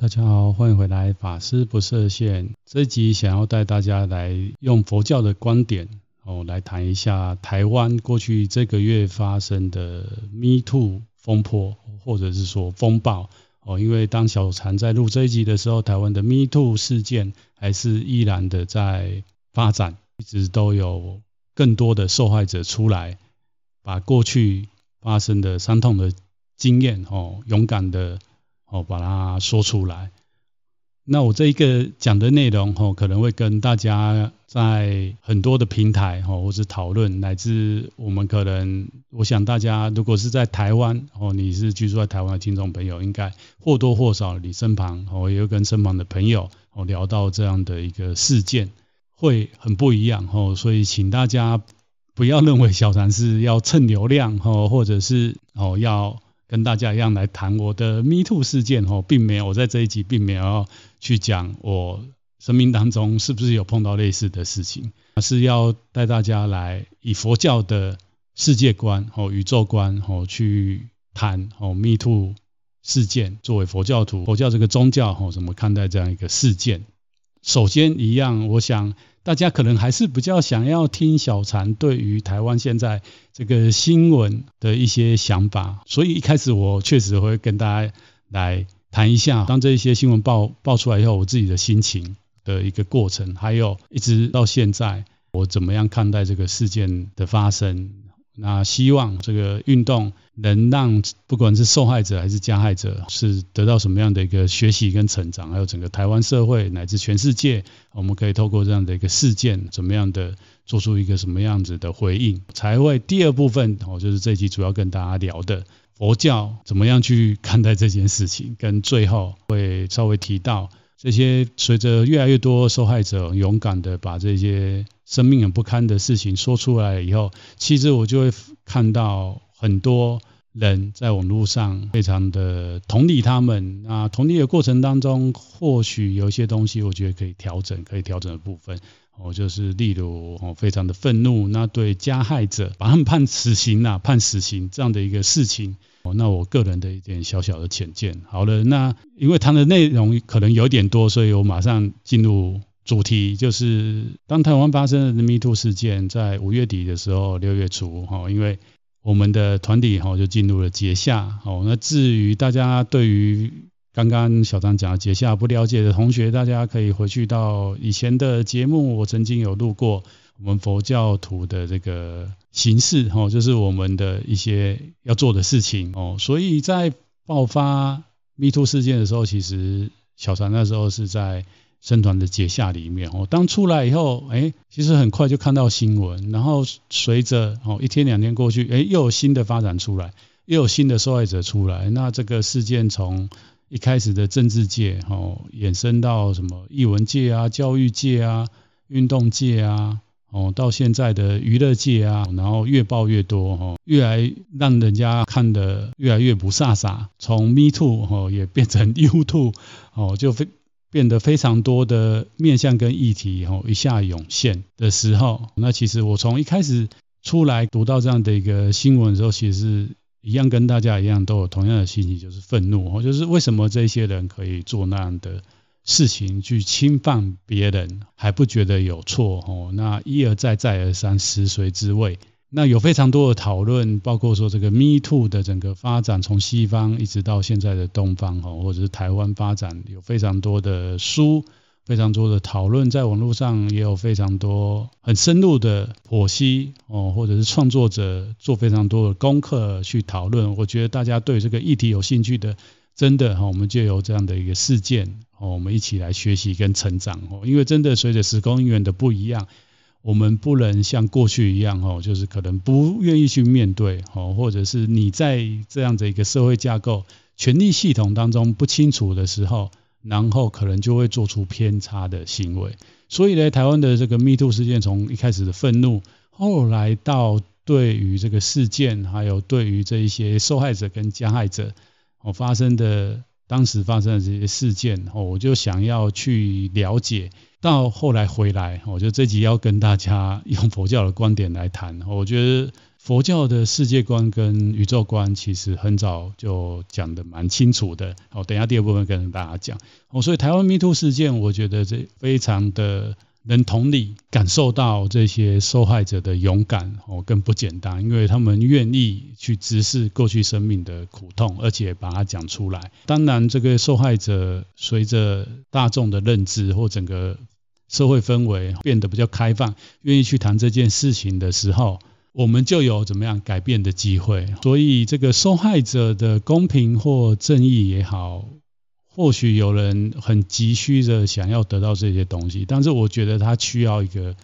大家好，歡迎回來。法師不設限，這一集想要帶大家來用佛教的觀點哦，來談一下台灣過去這個月發生的 Me Too 風波，或者是說風暴哦。因為當小禪在錄這一集的時候，台灣的 Me Too 事件還是依然的在發展，一直都有更多的受害者出來，把過去發生的傷痛的經驗哦，勇敢的。哦，把它說出來。那我這一個講的內容，吼、哦，可能會跟大家在很多的平台，吼、哦，或是討論，乃至我們可能，我想大家如果是在台灣，哦，你是居住在台灣的聽眾朋友，應該或多或少你身旁，哦、也有跟身旁的朋友，哦，聊到這樣的一個事件，會很不一樣，吼、哦。所以，請大家不要認為小禪是要蹭流量，吼、哦，或者是，哦，要。跟大家一樣來談我的 Me too 事件哦，並沒有，我在這一集並沒有去講我生命當中是不是有碰到類似的事情，而是要帶大家來以佛教的世界觀和、哦、宇宙觀哦去談哦 Me too 事件，作為佛教徒，佛教這個宗教哦怎麼看待這樣一個事件？首先，一樣，我想大家可能還是比較想要聽小禪對於台灣現在這個新聞的一些想法，所以一開始我確實會跟大家來談一下，當這些新聞爆爆出來以後，我自己的心情的一個過程，還有一直到現在我怎麼樣看待這個事件的發生。那希望這個運動能讓不管是受害者還是加害者，是得到什麼樣的一個學習跟成長，還有整個台灣社會乃至全世界，我們可以透過這樣的一個事件，怎麼樣的做出一個什麼樣子的回應。才會第二部分哦，就是這一期主要跟大家聊的佛教怎麼樣去看待這件事情，跟最後會稍微提到。這些隨着越來越多受害者勇敢的把這些生命很不堪的事情說出來以後，其實我就會看到很多人在網絡上非常的同理他們。那同理的過程當中，或許有一些東西我覺得可以調整，可以調整的部分，我就是例如我非常的憤怒，那對加害者把他們判死刑吶啊，判死刑這樣的一個事情。哦，那我個人的一點小小的淺見，好了，那因為他的內容可能有點多，所以我馬上進入主題，就是當台灣發生了 Me Too 事件在五月底的時候，六月初，哈，因為我們的團體哈就進入了結夏，哈，那至於大家對於。剛剛小禪講了結夏，不了解的同學，大家可以回去到以前的節目，我曾經有錄過我們佛教徒的這個形式、哦、就是我們的一些要做的事情哦。所以在爆發 MeToo 事件的時候，其實小禪那時候是在僧團的結夏裡面、哦、當出來以後、哎，其實很快就看到新聞，然後隨着哦一天兩天過去、哎，又有新的發展出來，又有新的受害者出來，那這個事件從一開始的政治界哦，衍生到什麼藝文界啊、教育界啊、運動界啊，哦，到現在的娛樂界啊，然後越爆越多哈、哦，越來讓人家看得越來越不颯颯。從 Me Too 哦也變成 You Too 哦，就非變得非常多的面向跟議題哦一下湧現的時候，那其實我從一開始出來讀到這樣的一個新聞的時候，其實是。一樣跟大家一樣都有同樣的心情，就是憤怒，就是為什麼這些人可以做那樣的事情去侵犯別人，還不覺得有錯哦？那一而再再而三，食髓知味。那有非常多的討論，包括說這個 Me Too 的整個發展，從西方一直到現在的東方或者是台灣發展，有非常多的書。非常多的討論，在網絡上也有非常多很深入的剖析哦，或者是創作者做非常多的功課去討論。我覺得大家對這個議題有興趣的，真的哈、哦，我們就有這樣的一個事件哦，我們一起來學習跟成長哦。因為真的隨着時空因緣的不一樣，我們不能像過去一樣哦，就是可能不願意去面對哦，或者是你在這樣的一個社會架構、權力系統當中不清楚的時候。然後可能就會做出偏差的行為，所以呢，台灣的這個 Me Too 事件從一開始的憤怒，後來到對於這個事件，還有對於這一些受害者跟加害者，我、哦、發生的當時發生的這些事件，我、哦、我就想要去了解。到後來回來，我、哦、覺得這集要跟大家用佛教的觀點來談。哦、我覺得。佛教的世界觀跟宇宙觀其實很早就講得蠻清楚的。好，等一下第二部分跟大家講。我所以台灣迷途事件，我覺得這非常的能同理，感受到這些受害者的勇敢哦，更不簡單，因為他們願意去直視過去生命的苦痛，而且把它講出來。當然，這個受害者隨着大眾的認知或整個社會氛圍變得比較開放，願意去談這件事情的時候，我們就有怎麼樣改變的機會，所以這個受害者的公平或正義也好，或許有人很急需的想要得到這些東西，但是我覺得他需要一個，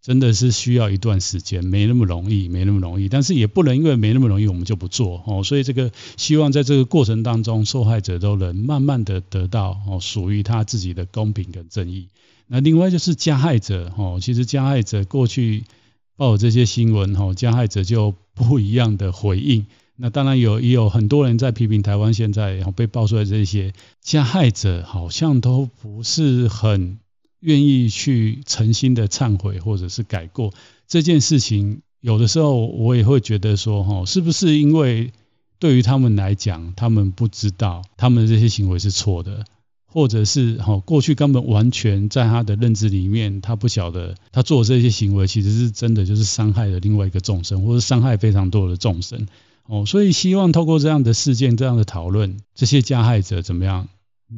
真的是需要一段時間，沒那麼容易，沒那麼容易，但是也不能因為沒那麼容易，我們就不做哦。所以這個希望在這個過程當中，受害者都能慢慢的得到哦屬於他自己的公平跟正義。那另外就是加害者，其實加害者過去。報這些新聞，吼，加害者就不一樣的回應。那當然有，也有很多人在批評台灣現在，然後被爆出來這些加害者好像都不是很願意去誠心的懺悔或者是改過。這件事情，有的時候我也會覺得說，吼，是不是因為對於他們來講，他們不知道他們的這些行為是錯的？或者是好、哦，過去根本完全在他的認知裡面，他不曉得他做的這些行為其實是真的就是傷害了另外一個眾生，或者傷害非常多的眾生。哦，所以希望透過這樣的事件、這樣的討論，這些加害者怎麼樣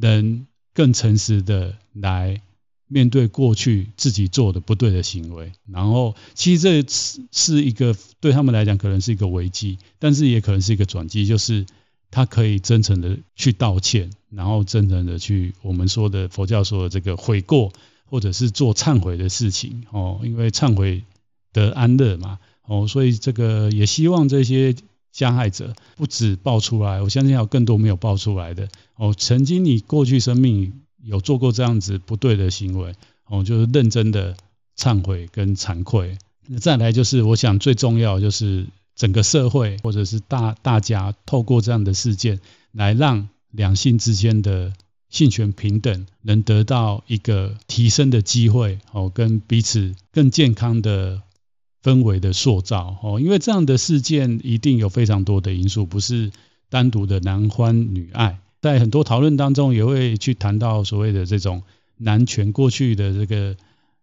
能更誠實的來面對過去自己做的不對的行為。然後，其實這是是一個對他們來講可能是一個危機，但是也可能是一個轉機，就是。他可以真誠的去道歉，然後真誠的去我們說的佛教說的這個悔過，或者是做懺悔的事情哦，因為懺悔得安樂嘛哦，所以這個也希望這些加害者不止爆出來，我相信還有更多沒有爆出來的哦，曾經你過去生命有做過這樣子不對的行為哦，就是認真的懺悔跟慚愧，再來就是我想最重要就是。整個社會，或者是大大家透過這樣的事件，來讓兩性之間的性權平等能得到一個提升的機會，哦，跟彼此更健康的氛圍的塑造，哦，因為這樣的事件一定有非常多的因素，不是單獨的男歡女愛，在很多討論當中也會去談到所謂的這種男權過去的這個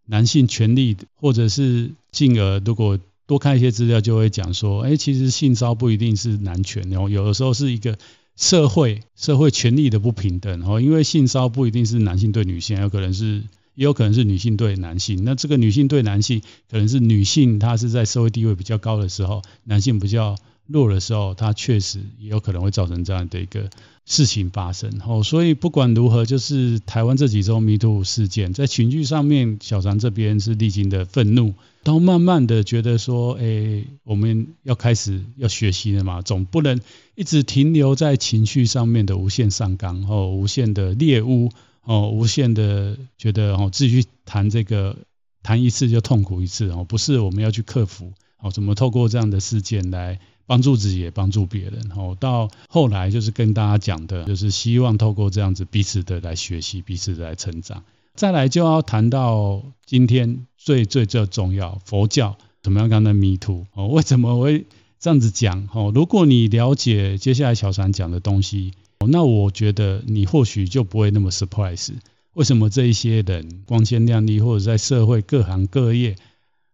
男性權利，或者是進而如果。多看一些資料，就會講說，哎、欸，其實性騷不一定是男權哦，有的時候是一個社會社會權力的不平等，因為性騷不一定是男性對女性，有可能是也有可能是女性對男性。那這個女性對男性，可能是女性她是在社會地位比較高的時候，男性比較弱的時候，她確實也有可能會造成這樣的一個事情發生。所以不管如何，就是台灣這幾周 Me Too 事件，在情緒上面，小禪這邊是歷經的憤怒。然後慢慢的覺得說，哎、欸，我們要開始要學習了嘛，總不能一直停留在情緒上面的無限上綱哦，無限的獵污哦，無限的覺得哦，自己去談這個，談一次就痛苦一次哦，不是我們要去克服哦，怎麼透過這樣的事件來幫助自己，幫助別人哦，到後來就是跟大家講的，就是希望透過這樣子彼此的來學習，彼此的來成長。再來就要談到今天最最最重要，佛教怎麼樣講的 Me Too 哦？為什麼我會這樣子講哦？如果你了解接下來小禪講的東西，哦，那我覺得你或許就不會那麼 surprise。為什麼這一些人光鮮亮麗，或者在社會各行各業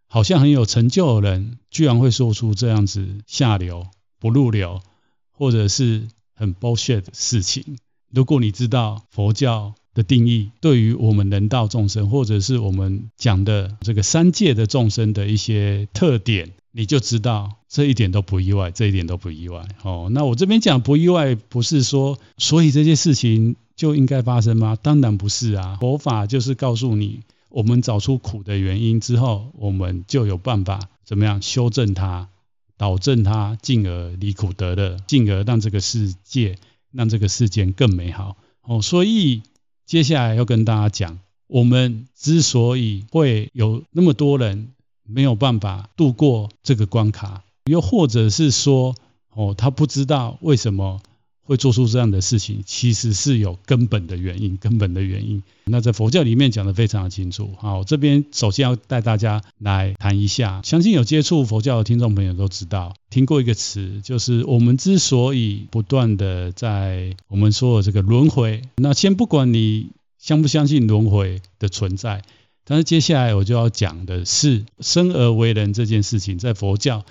好像很有成就的人，居然會說出這樣子下流、不入流，或者是很 bullshit 的事情？如果你知道佛教，的定義，對於我們人道眾生，或者是我們講的這個三界的眾生的一些特點，你就知道這一點都不意外，這一點都不意外。哦，那我這邊講不意外，不是說所以這些事情就應該發生嗎？當然不是啊。佛法就是告訴你，我們找出苦的原因之後，我們就有辦法怎麼樣修正它、導正它，進而離苦得樂，進而讓這個世界、讓這個世間更美好。哦，所以。接下來要跟大家講，我們之所以會有那麼多人沒有辦法度過這個關卡，又或者是說，哦，他不知道為什麼。會做出這樣的事情，其實是有根本的原因，根本的原因。那在佛教裡面講得非常的清楚。好，我這邊首先要帶大家來談一下，相信有接觸佛教的聽眾朋友都知道，聽過一個詞，就是我們之所以不斷地在我們說的這個輪回，那先不管你相不相信輪回的存在，但是接下來我就要講的是生而為人這件事情，在佛教。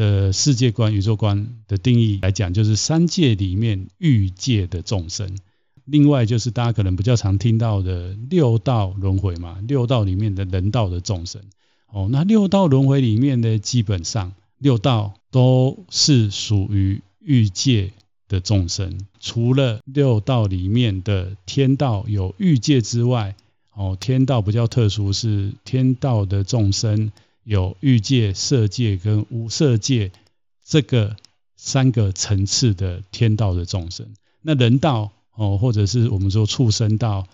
的世界觀、宇宙觀的定義來講，就是三界裡面欲界的眾生；另外就是大家可能比較常聽到的六道輪迴嘛，六道裡面的人道的眾生。哦，那六道輪迴裡面呢，基本上六道都是屬於欲界的眾生，除了六道裡面的天道有欲界之外，哦，天道比較特殊，是天道的眾生。有欲界、色界跟無色界這個三個層次的天道的眾生，那人道哦，或者是我們說畜生道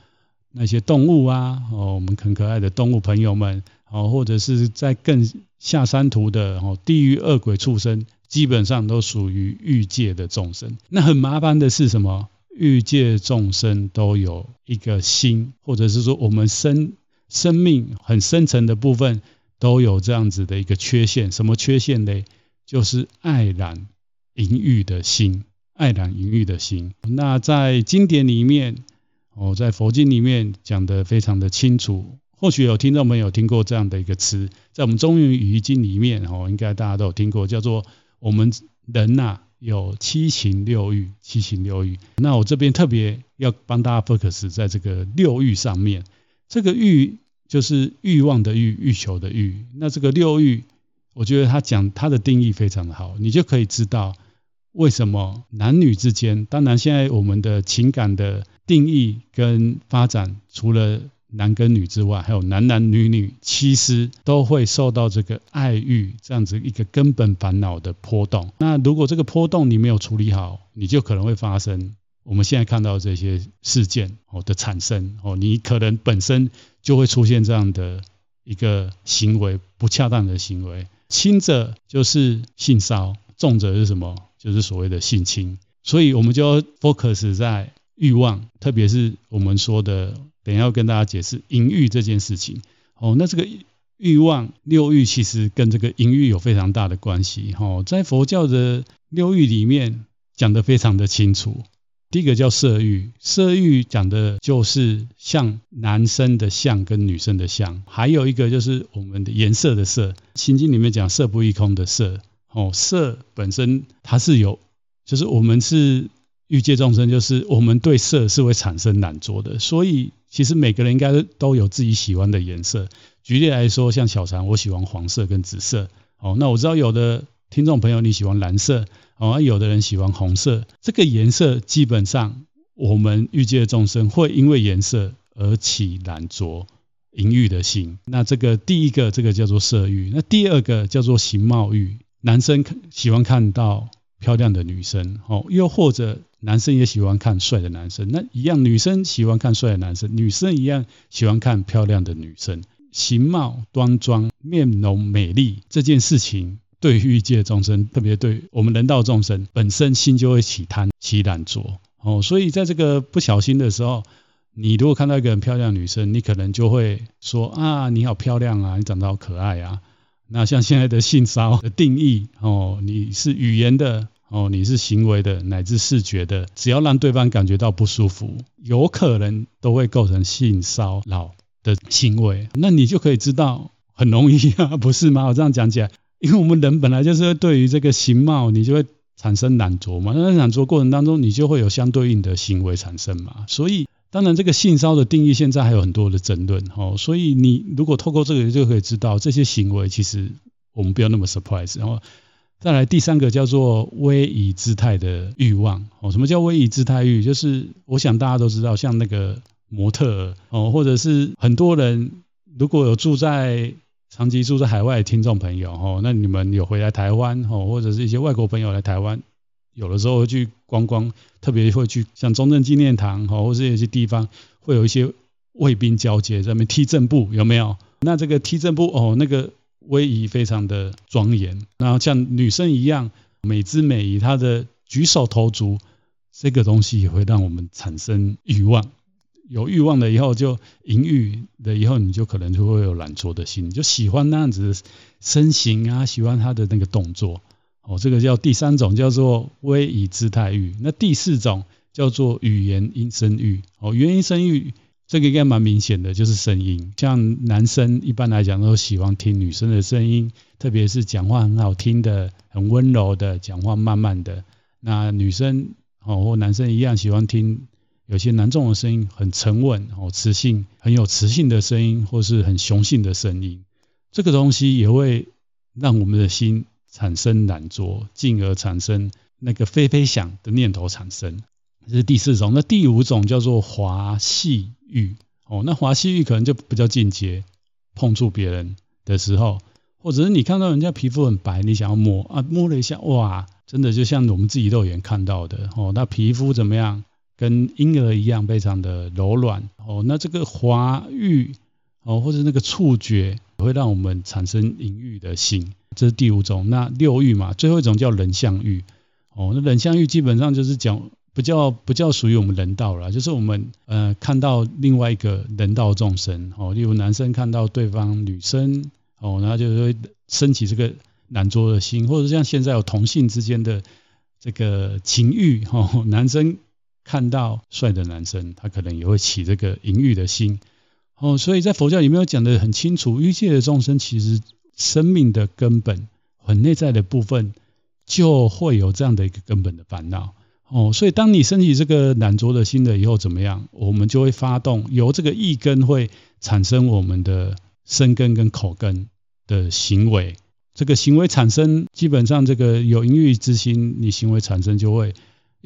那些動物啊哦，我們很可愛的動物朋友們，哦，或者是在更下三途的哦，地獄惡鬼畜生，基本上都屬於欲界的眾生。那很麻煩的是什麼？欲界眾生都有一個心，或者是說我們生生命很深層的部分。都有這樣子的一個缺陷，什麼缺陷呢？就是愛染淫欲的心，愛染淫欲的心。那在經典裡面，哦，在佛經裡面講得非常的清楚。或許有聽眾朋友聽過這樣的一個詞，在我們中原語語經裡面，哦，應該大家都有聽過，叫做我們人吶，啊，有七情六欲，七情六欲。那我這邊特別要幫大家 focus 在這個六欲上面，這個欲。就是欲望的欲，欲求的欲。那這個六欲，我覺得他講他的定義非常的好，你就可以知道為什麼男女之間，當然現在我們的情感的定義跟發展，除了男跟女之外，還有男男女女，其實都會受到這個愛欲這樣子一個根本煩惱的波動。那如果這個波動你沒有處理好，你就可能會發生我們現在看到這些事件哦的產生哦，你可能本身。就會出現這樣的一個行為，不恰當的行為，輕者就是性騷擾，重者是什麼？就是所謂的性侵。所以，我們就要 focus 在慾望，特別是我們說的，等一下要跟大家解釋淫慾這件事情。哦，那這個慾望六慾其實跟這個淫慾有非常大的關係。吼、哦，在佛教的六慾裡面講得非常的清楚。一個叫色欲，色欲講的就是像男生的相跟女生的相，還有一個就是我們的顏色的色。《心經》裡面講色不異空的色，哦，色本身它是有，就是我們是欲界眾生，就是我們對色是會產生染着的。所以其實每個人應該都有自己喜歡的顏色。舉例來說，像小禪，我喜歡黃色跟紫色。哦，那我知道有的。聽眾朋友，你喜歡藍色，哦，有的人喜歡紅色。這個顏色基本上，我們欲界眾生會因為顏色而起懶惰、淫欲的心。那這個第一個，這個叫做色欲；那第二個叫做形貌欲。男生看喜歡看到漂亮的女生，哦，又或者男生也喜歡看帥的男生。那一樣，女生喜歡看帥的男生，女生一樣喜歡看漂亮的女生。形貌端莊、面容美麗這件事情。對欲界眾生，特別對我們人道眾生本身心就會起貪、起染著哦。所以在這個不小心的時候，你如果看到一個很漂亮女生，你可能就會說啊，你好漂亮啊，你長得好可愛啊。那像現在的性騷的定義哦，你是語言的哦，你是行為的，乃至視覺的，只要讓對方感覺到不舒服，有可能都會構成性騷擾的行為。那你就可以知道，很容易啊，不是嗎？我這樣講起來。因為我們人本來就是對於這個形貌，你就會產生懶惰嘛，那懶惰過程當中，你就會有相對應的行為產生嘛。所以，當然這個性騷的定義現在還有很多的爭論哦，所以你如果透過這個，就可以知道這些行為其實我們不要那麼 surprise 哦。然後再來第三個叫做威儀姿態的欲望哦，什麼叫威儀姿態欲？就是我想大家都知道，像那個模特哦，或者是很多人如果有住在。長期住在海外的聽眾朋友，吼，那你們有回來台灣，吼，或者是一些外國朋友來台灣，有的時候會去觀光，特別會去像中正紀念堂，吼，或者有些地方會有一些衛兵交接，在那邊踢正步，有沒有？那這個踢正步，哦，那個威儀非常的莊嚴，然後像女生一樣美姿美儀，她的舉手投足，這個東西也會讓我們產生欲望。有欲望了以後，就淫欲的以後，你就可能就會有懶惰的心，就喜歡那樣子的身形啊，喜歡他的那個動作。哦，這個叫第三種，叫做威儀姿態欲。那第四種叫做語言音聲欲。哦，語言音聲欲，這個應該蠻明顯的，就是聲音。像男生一般來講，都喜歡聽女生的聲音，特別是講話很好聽的、很溫柔的，講話慢慢的。那女生哦，或男生一樣喜歡聽。有些男眾的聲音很沉穩哦，磁性很有磁性的聲音，或是很雄性的聲音，這個東西也會讓我們的心產生懶惰，進而產生那個非非想的念頭產生。這是第四種。那第五種叫做滑細欲。哦，那滑細欲可能就比較進階，碰觸別人的時候，或者是你看到人家皮膚很白，你想要摸啊，摸了一下，哇，真的就像我們自己肉眼看到的哦，那皮膚怎麼樣？跟嬰兒一樣，非常的柔軟哦。那這個滑欲，哦，或者那個觸覺，會讓我們產生淫欲的心，這是第五種。那六欲嘛，最後一種叫人相欲哦。那人相欲基本上就是講，不叫不叫屬於我們人道了，就是我們呃看到另外一個人道眾生哦，例如男生看到對方女生哦，然後就會升起這個男桌的心，或者像現在有同性之間的這個情欲哈、哦，男生。看到帥的男生，他可能也會起這個淫欲的心，哦，所以在佛教裡面講得很清楚，欲界的眾生其實生命的根本，很內在的部分，就會有這樣的一個根本的煩惱，哦，所以當你升起這個懶惰的心的以後怎麼樣？我們就會發動由這個意根會產生我們的身根跟口根的行為，這個行為產生基本上這個有淫欲之心，你行為產生就會。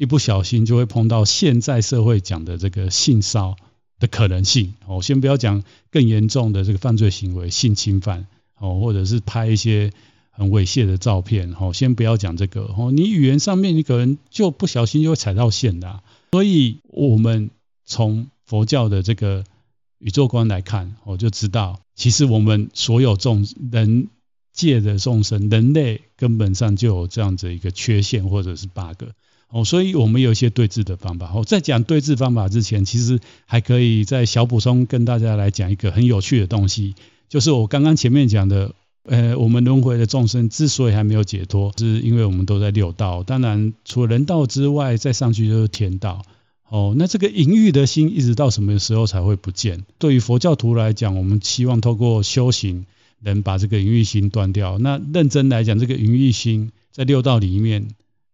一不小心就會碰到現在社會講的這個性騷的可能性哦，先不要講更嚴重的這個犯罪行為性侵犯哦，或者是拍一些很猥褻的照片哦，先不要講這個哦，你語言上面你可能就不小心就會踩到線的。所以，我們從佛教的這個宇宙觀來看，我就知道，其實我們所有眾人界的眾生人類根本上就有這樣子一個缺陷或者是 bug。哦，所以我們有一些對治的方法。我、哦、在講對治方法之前，其實還可以在小補充跟大家來講一個很有趣的東西，就是我剛剛前面講的，呃，我們輪回的眾生之所以還沒有解脫，是因為我們都在六道。當然，除了人道之外，再上去就是天道。哦，那這個淫欲的心，一直到什麼時候才會不見？對於佛教徒來講，我們希望透過修行能把這個淫欲心斷掉。那認真來講，這個淫欲心在六道裡面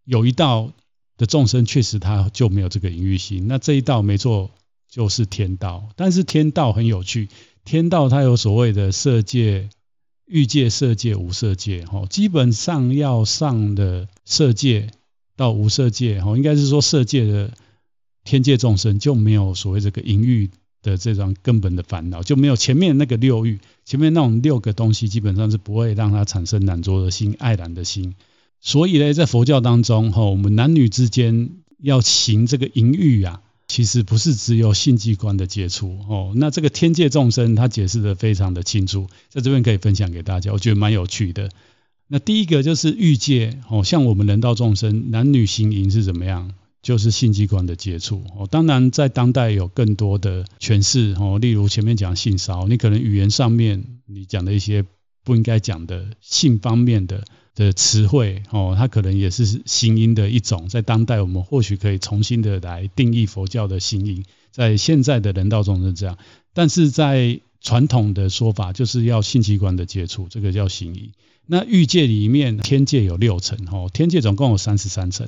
有一道的眾生確實，他就沒有這個淫欲心。那這一道沒錯，就是天道。但是天道很有趣，天道它有所謂的色界、欲界、色界、無色界。吼、哦，基本上要上的色界到無色界，吼、哦，應該是說色界的天界眾生就沒有所謂這個淫欲的這種根本的煩惱，就沒有前面那個六欲，前面那種六個東西，基本上是不會讓他產生懶惰的心、愛染的心。所以呢，在佛教當中，哈，我們男女之間要行這個淫欲啊，其實不是只有性器官的接觸哦。那這個天界眾生他解釋得非常的清楚，在這邊可以分享給大家，我覺得蠻有趣的。那第一個就是欲界，像我們人道眾生，男女行淫是怎麼樣？就是性器官的接觸哦。當然，在當代有更多的詮釋，例如前面講性騷，你可能語言上面你講的一些不應該講的性方面的。的詞彙哦，它可能也是行淫的一種，在當代我們或許可以重新的來定義佛教的行淫。在現在的人道中是這樣，但是在傳統的說法就是要性器官的接觸，這個叫行淫。那欲界裡面，天界有六層哦，天界總共有三十三層，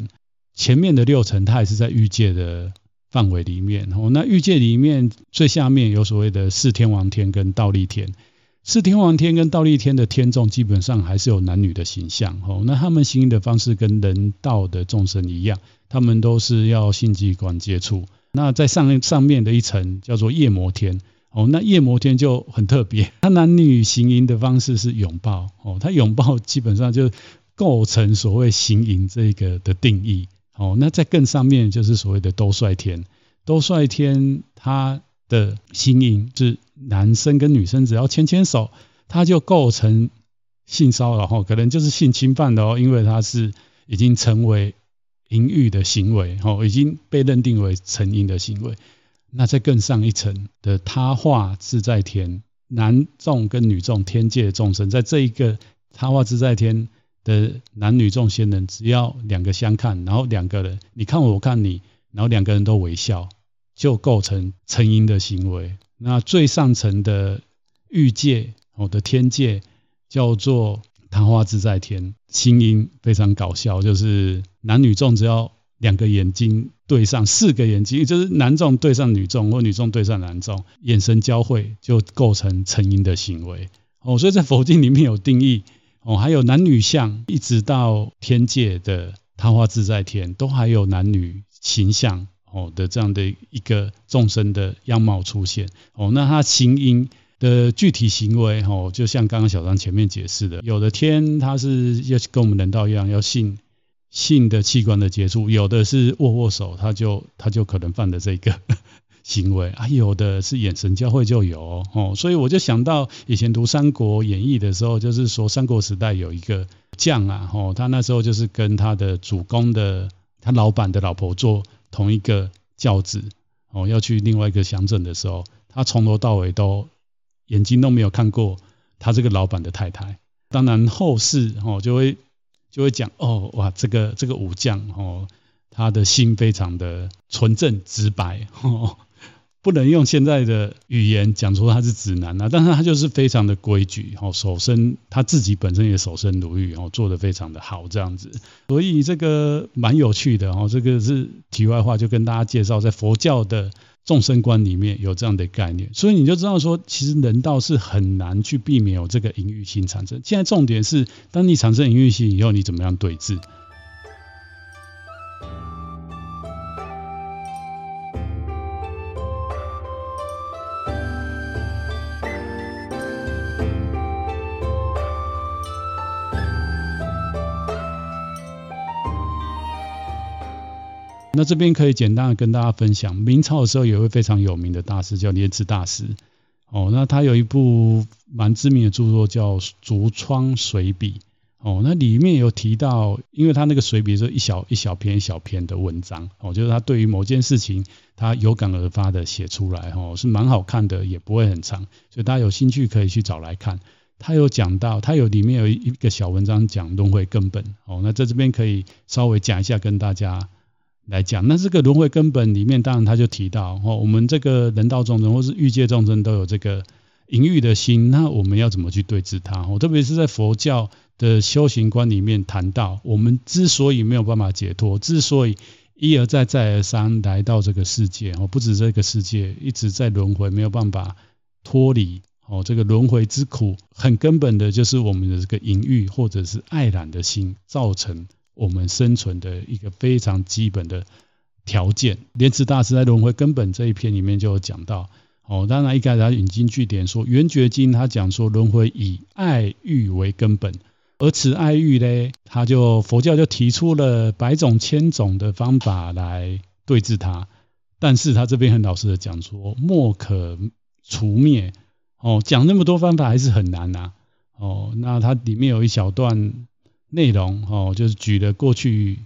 前面的六層它也是在欲界的範圍裡面，哦，那欲界裡面最下面有所謂的四天王天跟忉利天。是天王天跟忉利天的天眾，基本上還是有男女的形象哦。那他們行淫的方式跟人道的眾生一樣，他們都是要性器官接觸。那在上上面的一層叫做夜摩天哦，那夜摩天就很特別，他男女行淫的方式是擁抱哦，他擁抱基本上就構成所謂行淫這個的定義哦。那在更上面就是所謂的兜率天，兜率天他的行淫。是。男生跟女生只要牽牽手，他就構成性騷擾哦，可能就是性侵犯的哦，因為他是已經成為淫欲的行為哦，已經被認定為成淫的行為。那再更上一層的，他化自在天男眾跟女眾天界眾生，在這一個他化自在天的男女眾仙人，只要兩個相看，然後兩個人你看我我看你，然後兩個人都微笑，就構成成淫的行為。那最上層的欲界，我、哦、的天界叫做他化自在天，成婬非常搞笑，就是男女眾只要兩個眼睛對上，四個眼睛就是男眾對上女眾，或女眾對上男眾，眼神交匯就構成成婬的行為。哦，所以在佛經裡面有定義。哦，還有男女相，一直到天界的他化自在天，都還有男女形象。哦的這樣的一個眾生的樣貌出現哦，那他行淫的具體行為哦，就像剛剛小禪前面解釋的，有的天他是要跟我們人道一樣要性，性的器官的接觸，有的是握握手，他就他就可能犯的這個行為啊，有的是眼神交汇就有哦，哦，所以我就想到以前讀三國演義的時候，就是說三國時代有一個將啊哦，他那時候就是跟他的主公的他老板的老婆做。同一個轎子，哦，要去另外一個鄉鎮的時候，他從頭到尾都眼睛都沒有看過他這個老板的太太。當然後世哦，就會就會講哦，哇，這個這個武將哦，他的心非常的純正直白哦。不能用現在的語言講出他是直男吶，但是他就是非常的規矩，吼守身，他自己本身也守身如玉，做得非常的好這樣子，所以這個蠻有趣的哦，這個是題外話，就跟大家介紹，在佛教的眾生觀裡面有這樣的概念，所以你就知道說，其實人道是很難去避免有這個淫慾心產生。現在重點是，當你產生淫慾心以後，你怎麼樣對治？那這邊可以簡單的跟大家分享，明朝的時候有一位非常有名的大師叫蓮池大師，哦，那他有一部蠻知名的著作叫《竹窗隨筆》，哦，那裡面有提到，因為他那個隨筆是一小一小篇一小篇的文章，哦，就是他對於某件事情他有感而發的寫出來，哦，是蠻好看的，也不會很長，所以大家有興趣可以去找來看。他有講到，他有裡面有一個小文章講輪迴根本，哦，那在這邊可以稍微講一下跟大家。來講，那這個輪回根本裡面，當然他就提到哦，我們這個人道眾生或是欲界眾生都有這個淫欲的心，那我們要怎麼去對治它？哦，特別是在佛教的修行觀裡面談到，我們之所以沒有辦法解脫，之所以一而再再而三來到這個世界，哦，不止這個世界一直在輪回，沒有辦法脫離哦，這個輪回之苦，很根本的就是我們的這個淫欲或者是愛染的心造成。我們生存的一個非常基本的條件，蓮池大師在輪回根本這一篇裡面就講到，哦，當然一開始他引經據典說《圓覺經》，他講說，輪回以愛欲為根本，而此愛欲呢，他就佛教就提出了百種千種的方法來對治它，但是他這邊很老實的講說，哦，莫可除滅。哦，講那麼多方法還是很難吶，啊。哦，那它裡面有一小段。內容哦，就是舉了過去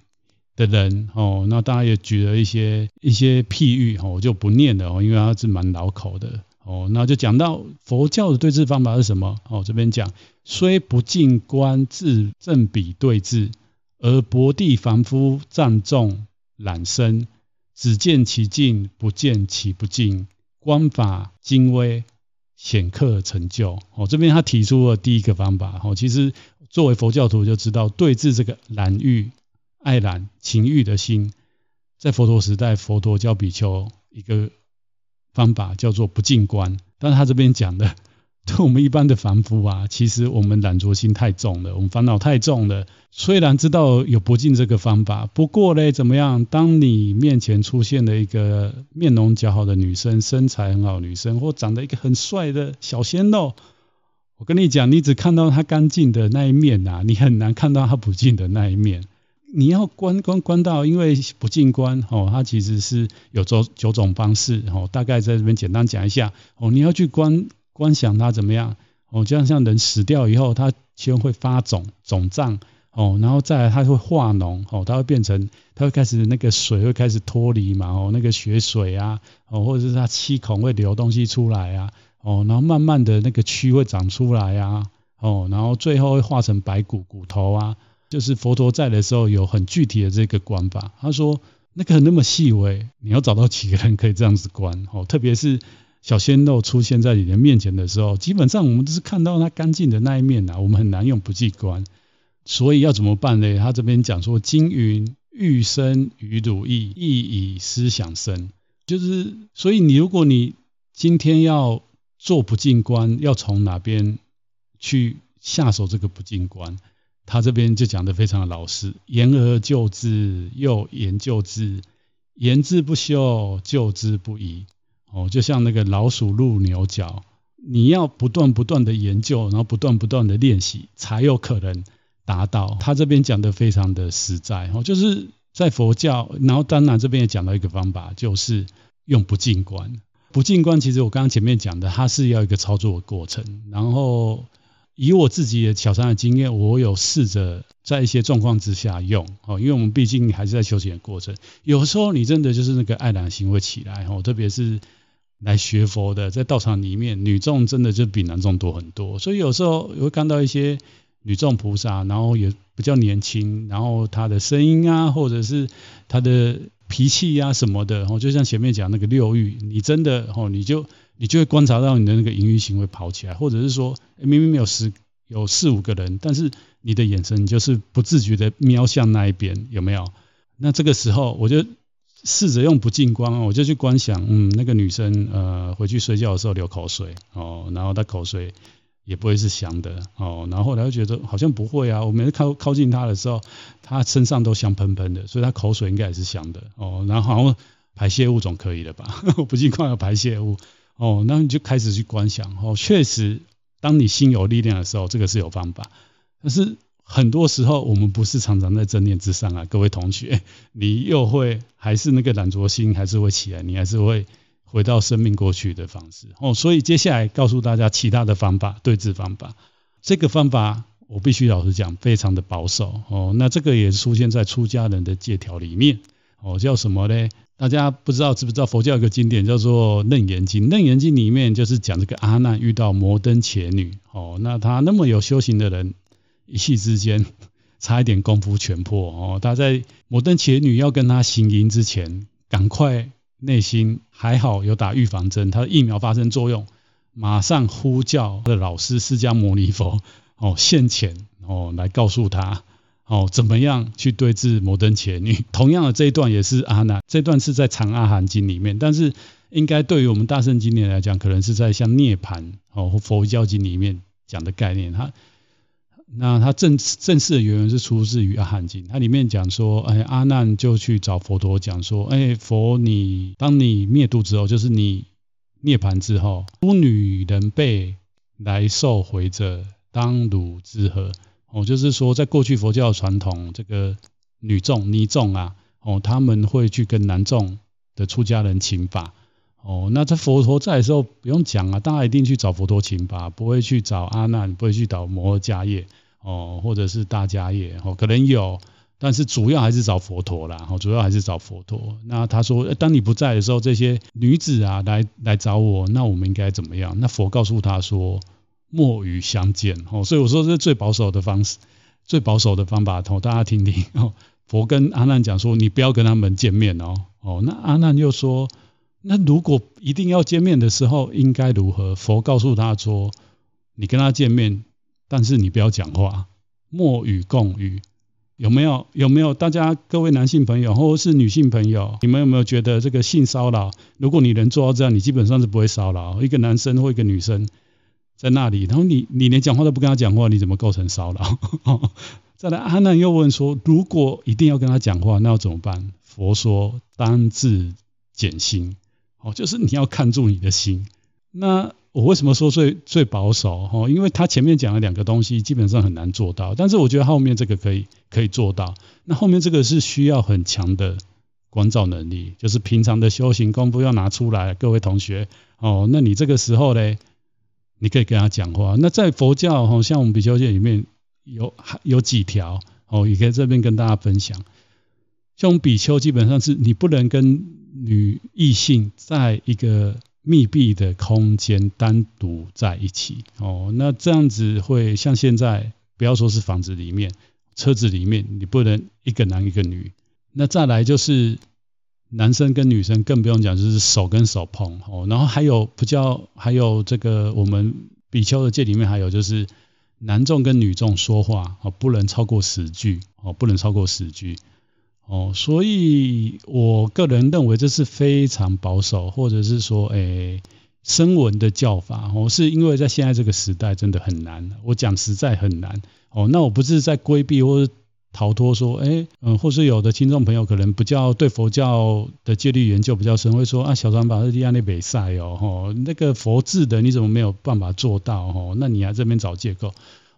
的人哦，那當然也舉了一些一些譬喻，哦，我就不念了哦，因為它是蠻繞口的哦。那就講到佛教的對治方法是什麼哦，這邊講，雖不淨觀自正比對治，而薄地凡夫暫眾攬身，只見其淨，不見其不淨，觀法精微顯刻成就哦。這邊他提出了第一個方法哦，其實。作為佛教徒就知道對治這個染欲、愛染、情欲的心，在佛陀時代，佛陀教比丘一個方法叫做不淨觀。但他這邊講的，對我們一般的凡夫啊，其實我們染著心太重了，我們煩惱太重了。雖然知道有不淨這個方法，不過呢，怎麼樣？當你面前出現了一個面容姣好的女生，身材很好的女生，或長得一個很帥的小鮮肉。我跟你講，你只看到它乾淨的那一面吶、啊，你很難看到它不淨的那一面。你要觀觀觀到，因為不淨觀哦，它其實是有九九種方式哦。大概在這邊簡單講一下哦，你要去觀觀想它怎麼樣哦，就像像人死掉以後，它先會發腫腫脹哦，然後再來它會化膿哦，它會變成，它會開始那個水會開始脫離嘛哦，那個血水啊，哦或者是它氣孔會流東西出來啊。哦，然後慢慢的那個蛆會長出來啊。哦，然後最後會化成白骨骨頭啊。就是佛陀在的時候有很具體的這個觀法，他說那個很那麼細微，你要找到幾個人可以這樣子觀。哦，特別是小鮮肉出現在你的面前的時候，基本上我們都是看到它乾淨的那一面吶、啊，我們很難用不淨觀。所以要怎麼辦呢？他這邊講說，經云欲生於汝意，意以思想生。就是所以你如果你今天要。做不淨觀要從哪邊去下手？這個不淨觀，他這邊就講得，非常的老實，言而就之，又研究之，言之不休，就之不移。哦，就像那個老鼠入牛角，你要不斷不斷的研究，然後不斷不斷的練習，才有可能達到。他這邊講得非常的實在，哦，就是在佛教，然後當然這邊也講到一個方法，就是用不淨觀。不淨觀，其實我剛剛前面講的，它是要一個操作的過程。然後以我自己的小禪的經驗，我有試着在一些狀況之下用哦，因為我們畢竟還是在修行的過程。有時候你真的就是那個愛染心會起來哦，特別是來學佛的，在道場裡面，女眾真的就比男眾多很多，所以有時候我會看到一些女眾菩薩，然後也比較年輕，然後她的聲音啊，或者是她的。脾氣呀、啊、什麼的，吼，就像前面講那個六欲，你真的吼，你就你就會觀察到你的那個淫欲行為跑起來，或者是說明明沒有十有四五個人，但是你的眼神就是不自覺地瞄向那一邊，有沒有？那這個時候我就試着用不淨觀，我就去觀想，嗯，那個女生呃回去睡覺的時候流口水，哦，然後她口水。也不會是香的哦，然後他就覺得好像不會啊，我每次靠靠近他的時候，他身上都香噴噴的，所以他口水應該也是香的哦，然後好像排泄物總可以了吧？ 我不禁看了排泄物哦，那你就開始去觀想哦，確實，當你心有力量的時候，這個是有方法，但是很多時候我們不是常常在正念之上啊，各位同學，你又會還是那個懶惰心還是會起來，你還是會。回到生命過去的方式哦，所以接下來告訴大家其他的方法，對治方法。這個方法我必須老實講，非常的保守哦。那這個也出現在出家人的戒條裡面哦，叫什麼呢？大家不知道知不知道？佛教有一個經典叫做《楞嚴經》，《楞嚴經》裡面就是講這個阿難遇到摩登伽女哦，那他那麼有修行的人，一夕之間差一點功夫全破哦。他在摩登伽女要跟他行淫之前，趕快。內心還好有打預防針，他的疫苗發生作用，馬上呼叫的老師釋迦牟尼佛哦現前哦來告訴他哦怎麼樣去對治摩登伽女。同樣的這一段也是阿難，這段是在長阿含經裡面，但是應該對於我們大乘經典來講，可能是在像涅槃哦佛教經裡面講的概念。那他正正式的原因是出自於阿含經，它裡面講說，哎，阿難就去找佛陀講說，哎，佛，你當你滅度之後，就是你涅槃之後，諸女人輩來受回者當如之何。哦，就是說在過去佛教傳統，這個女眾、尼眾啊，哦，他們會去跟男眾的出家人請法。哦，那在佛陀在的時候不用講啊，大家一定去找佛陀請吧，不會去找阿難，不會去找摩訶迦葉，哦，或者是大迦葉，哦，可能有，但是主要還是找佛陀啦，哦，主要還是找佛陀。那他說，欸、當你不在的時候，這些女子啊，來來找我，那我們應該怎麼樣？那佛告訴他說，莫與相見。哦，所以我說這是最保守的方式，最保守的方法，同、哦、大家聽聽。哦、佛跟阿難講說，你不要跟他們見面哦，哦，那阿難又說。那如果一定要見面的時候，應該如何？佛告訴他說：“你跟他見面，但是你不要講話，莫與共語。”有沒有？有沒有？大家各位男性朋友，或是女性朋友，你們有沒有覺得這個性騷擾？如果你能做到這樣，你基本上是不會騷擾一個男生或一個女生，在那裡，然後你你連講話都不跟他講話，你怎麼構成騷擾？ 再來，阿難又問說：“如果一定要跟他講話，那要怎麼辦？”佛說：“當自檢心。”哦，就是你要看住你的心。那我為什麼說最最保守？哈、哦，因為他前面講了兩個東西基本上很難做到，但是我覺得後面這個可以可以做到。那後面這個是需要很強的觀照能力，就是平常的修行功夫要拿出來。各位同學，哦，那你這個時候嘞，你可以跟他講話。那在佛教，好、哦、像我們比丘戒裡面有有幾條，哦，也可以這邊跟大家分享。像比丘基本上是你不能跟。女異性在一個密閉的空間單獨在一起哦，那這樣子會像現在，不要說是房子裡面、車子裡面，你不能一個男一個女。那再來就是男生跟女生更不用講，就是手跟手碰哦。然後還有不叫，還有這個我們比丘的戒裡面還有就是男眾跟女眾說話哦，不能超過十句哦，不能超過十句。哦不能超過十句哦，所以我個人認為這是非常保守，或者是說，哎、欸，聲聞的教法，哦，是因為在現在這個時代真的很難，我講實在很難，哦，那我不是在規避或是逃脫，說，哎、欸，嗯，或是有的聽眾朋友可能比較對佛教的戒律研究比較深，會說啊，小禪法師壓力北塞哦，吼、哦，那個佛制的你怎麼沒有辦法做到，吼、哦，那你來這邊找借口？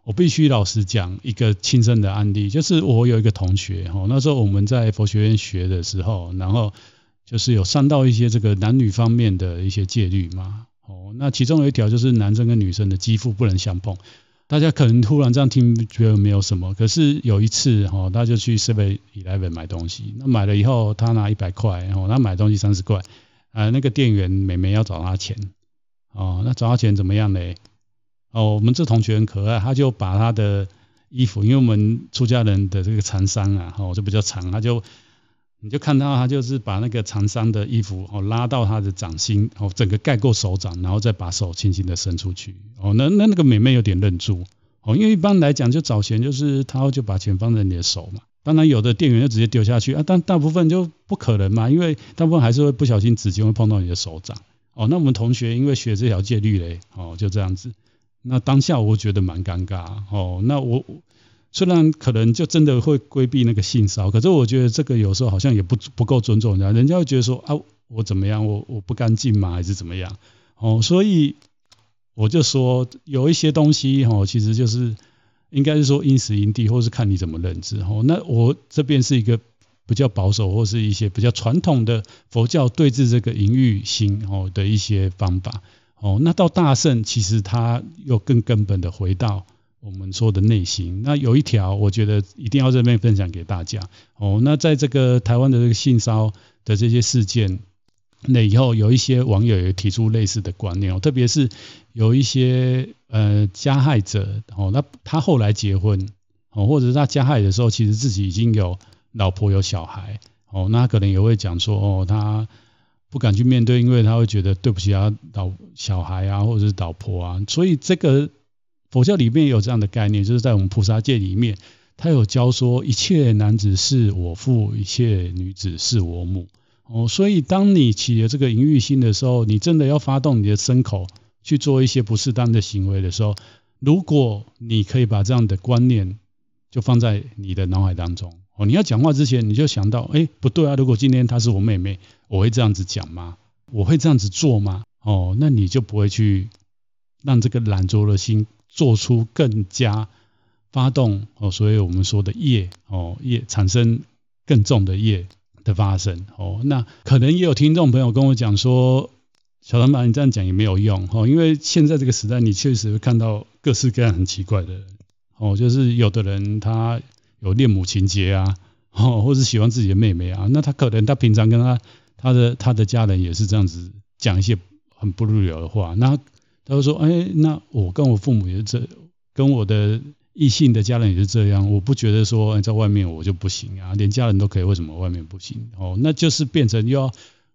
我必須老實講一個親身的案例，就是我有一個同學，吼那時候我們在佛學院學的時候，然後就是有上到一些這個男女方面的一些戒律嘛，哦那其中有一條就是男生跟女生的肌膚不能相碰，大家可能突然這樣聽覺得沒有什麼，可是有一次吼他就去7-11買東西，那買了以後他拿一百塊，吼他買東西三十塊，啊那個店員妹妹要找他錢，哦那找他錢怎麼樣呢？哦，我們這同學很可愛，他就把他的衣服，因為我們出家人的這個長衫啊，哦，就比較長，他就，你就看到他就是把那個長衫的衣服哦拉到他的掌心，哦，整個蓋過手掌，然後再把手輕輕的伸出去，哦，那那個美眉有點愣住，哦，因為一般來講就找錢就是他就把錢放在你的手嘛，當然有的店員就直接丟下去啊，但大部分就不可能嘛，因為大部分還是會不小心指尖會碰到你的手掌，哦，那我們同學因為學這條戒律嘞，哦，就這樣子。那當下我覺得蠻尷尬哦。那我雖然可能就真的會規避那個性騷，可是我覺得這個有時候好像也不不夠尊重人家，人家會覺得說啊，我怎麼樣，我我不乾淨嗎？還是怎麼樣？哦，所以我就說有一些東西哦，其實就是應該是說因時因地，或是看你怎麼認知哦。那我這邊是一個比較保守或是一些比較傳統的佛教對治這個淫慾心哦的一些方法。哦，那到大乘其實他又更根本的回到我們說的內心。那有一條，我覺得一定要這邊分享給大家。哦，那在這個台灣的這個性騷的這些事件那以後，有一些網友也提出類似的觀念哦，特別是有一些呃加害者哦，那他後來結婚哦，或者是他加害的時候，其實自己已經有老婆有小孩哦，那他可能也會講說哦他。不敢去面對，因為他會覺得對不起啊老小孩啊，或者是老婆啊。所以這個佛教裡面有這樣的概念，就是在我們菩薩界裡面，他有教說，一切男子是我父，一切女子是我母。哦，所以當你起了這個淫欲心的時候，你真的要發動你的身口去做一些不適當的行為的時候，如果你可以把這樣的觀念就放在你的腦海當中。哦，你要講話之前，你就想到，哎、欸，不對啊！如果今天她是我妹妹，我會這樣子講嗎？我會這樣子做嗎？哦，那你就不會去讓這個懶惰的心做出更加發動哦，所以我們說的業哦，業產生更重的業的發生哦。那可能也有聽眾朋友跟我講說，小禪，你這樣講也沒有用哦，因為現在這個時代，你確實會看到各式各樣很奇怪的人哦，就是有的人他。有戀母情結啊，哦、或者喜歡自己的妹妹啊，那他可能他平常跟他他的他的家人也是這樣子講一些很不入流的話，那他就說，哎，那我跟我父母也是這，跟我的異性的家人也是這樣，我不覺得說、哎、在外面我就不行啊，連家人都可以，為什麼外面不行？哦，那就是變成又要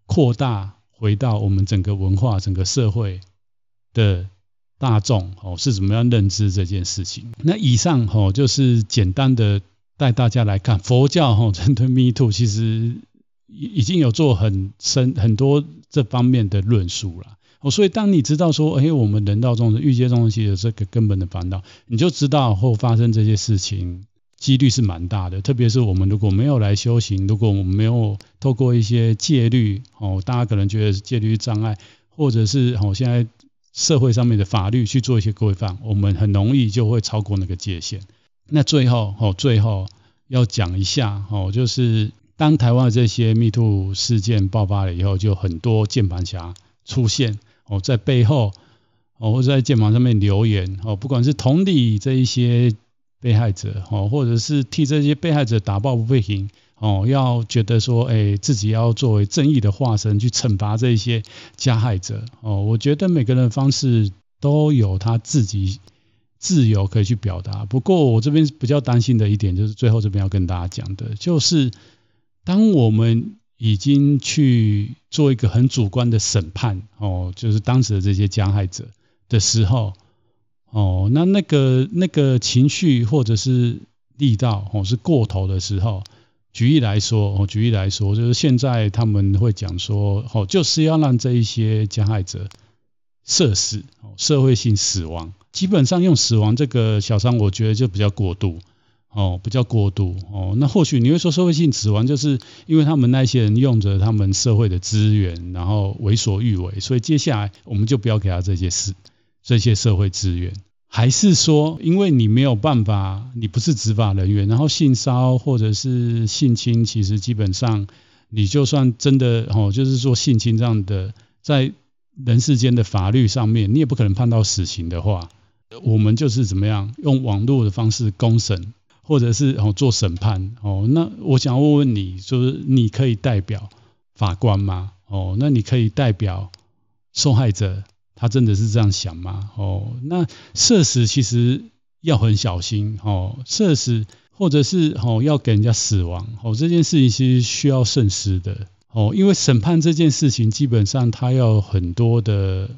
擴大回到我們整個文化、整個社會的大眾哦，是怎麼樣認知這件事情？那以上、哦、就是簡單的。帶大家來看佛教吼、哦，針對 Me Too 其實已已經有做很深很多這方面的論述了、哦。所以當你知道說，哎，我們人道中的欲界眾生有這個根本的煩惱，你就知道後發生這些事情幾率是蠻大的。特別是我們如果沒有來修行，如果我們沒有透過一些戒律，哦，大家可能覺得是戒律障礙，或者是哦，現在社會上面的法律去做一些規範，我們很容易就會超過那個界限。那最後，吼、哦，最後。要講一下哦，就是當台灣這些 Me too 事件爆發了以後，就很多鍵盤俠出現哦，在背後哦，或者在鍵盤上面留言哦，不管是同理這一些被害者哦，或者是替這些被害者打抱不平哦，要覺得說，哎，自己要作為正義的化身去懲罰這些加害者哦，我覺得每個人的方式都有他自己自由，可以去表達，不過我這邊比較擔心的一點就是，最後這邊要跟大家講的，就是當我們已經去做一個很主觀的審判，哦，就是當時的這些加害者的時候，哦，那那個那個情緒或者是力道，哦，是過頭的時候，舉例來說，哦，舉例來說，就是現在他們會講說，哦，就是要讓這一些加害者社死，哦，社會性死亡。基本上用死亡這個小傷，我覺得就比較過度，哦，比較過度哦。那或許你會說社會性死亡，就是因為他們那些人用着他們社會的資源，然後為所欲為，所以接下來我們就不要給他這些事、這些社會資源。還是說，因為你沒有辦法，你不是執法人員，然後性騷或者是性侵，其實基本上你就算真的哦，就是說性侵這樣的，在人世間的法律上面，你也不可能判到死刑的話。我們就是怎麼樣用網絡的方式公審，或者是哦做審判哦？那我想問問你，就是你可以代表法官嗎？哦，那你可以代表受害者？他真的是這樣想嗎？哦，那涉死其實要很小心哦，涉死或者是哦要給人家死亡哦，這件事情其實需要慎思的哦，因為審判這件事情基本上它要很多的。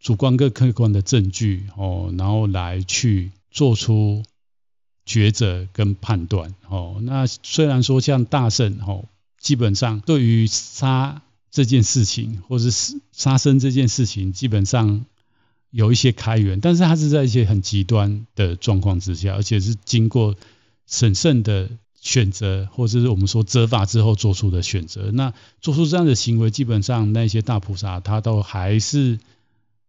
主觀跟客觀的證據哦，然後來去做出抉擇跟判斷哦。那雖然說像大乘哦，基本上對於殺這件事情，或是殺生這件事情，基本上有一些開緣，但是它是在一些很極端的狀況之下，而且是經過審慎的選擇，或者是我們說擇法之後做出的選擇。那做出這樣的行為，基本上那些大菩薩他都還是。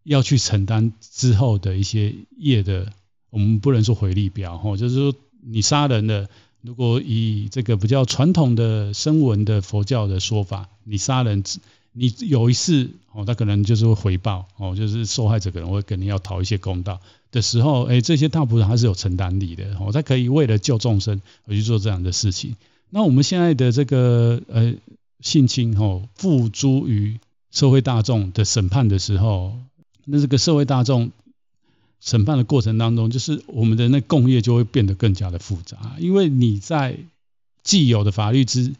要去承擔之後的一些業的，我們不能說回力鏢，就是說你殺人的，如果以這個比較傳統的聲聞的佛教的說法，你殺人，你有一次哦，他可能就是會回報哦，就是受害者可能會跟你要討一些公道的時候，哎、欸，這些大菩薩他是有承擔力的，他可以為了救眾生而去做這樣的事情。那我們現在的這個呃性侵吼、哦，付諸於社會大眾的審判的時候。那這個社會大眾審判的過程當中，就是我們的那共業就會變得更加的複雜，因為你在既有的法律之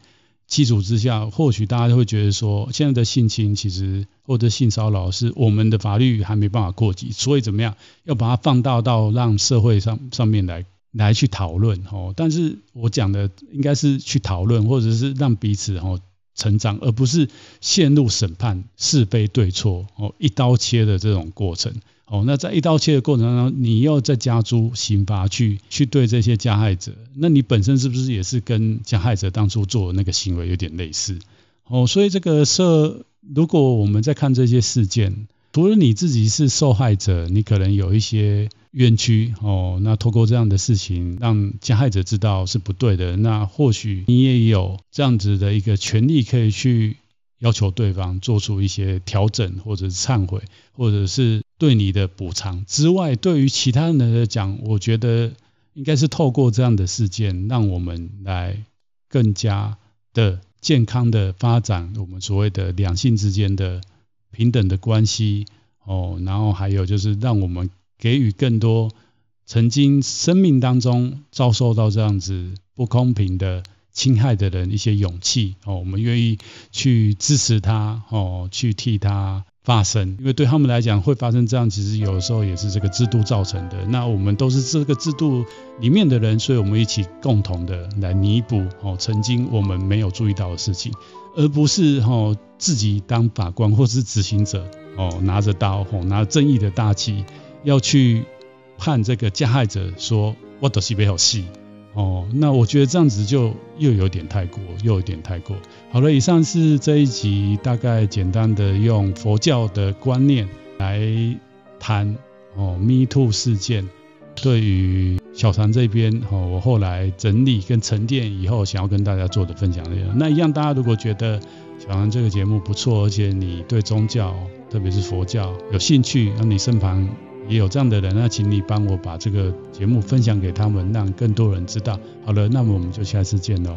基礎之下，或許大家就會覺得說，現在的性侵其實或者性騷擾是我們的法律還沒辦法擴及，所以怎麼樣要把它放大到讓社會上上面來來去討論哦。但是我講的應該是去討論，或者是讓彼此哦。成長，而不是陷入審判是非對錯哦，一刀切的這種過程哦。那在一刀切的過程當中，你要再加諸刑罰去去對這些加害者，那你本身是不是也是跟加害者當初做的那個行為有點類似哦？所以這個社，如果我們在看這些事件，除了你自己是受害者，你可能有一些。冤屈哦，那透過這樣的事情，讓加害者知道是不對的。那或許你也有這樣子的一個權利，可以去要求對方做出一些調整，或者是懺悔，或者是對你的補償之外，對於其他人來講，我覺得應該是透過這樣的事件，讓我們來更加的健康的發展我們所謂的兩性之間的平等的關係哦，然後還有就是讓我們。給予更多曾經生命當中遭受到這樣子不公平的侵害的人一些勇氣哦，我們願意去支持他哦，去替他發聲，因為對他們來講會發生這樣，其實有的時候也是這個制度造成的。那我們都是這個制度裡面的人，所以我們一起共同的來彌補哦，曾經我們沒有注意到的事情，而不是哦自己當法官或是執行者哦，拿着刀哦，拿正義的大旗，要去判這個加害者說，我都是比有好戲哦，那我覺得這樣子就又有點太過，又有點太過。好了，以上是這一集大概簡單的用佛教的觀念來談哦，Me Too 事件對於小禪這邊，哦，我後來整理跟沉澱以後，想要跟大家做的分享內容。那一樣，大家如果覺得小禪這個節目不錯，而且你對宗教，特別是佛教有興趣，那你身旁。也有這樣的人，那請你幫我把這個節目分享給他們，讓更多人知道。好了，那麼我們就下次見嘍。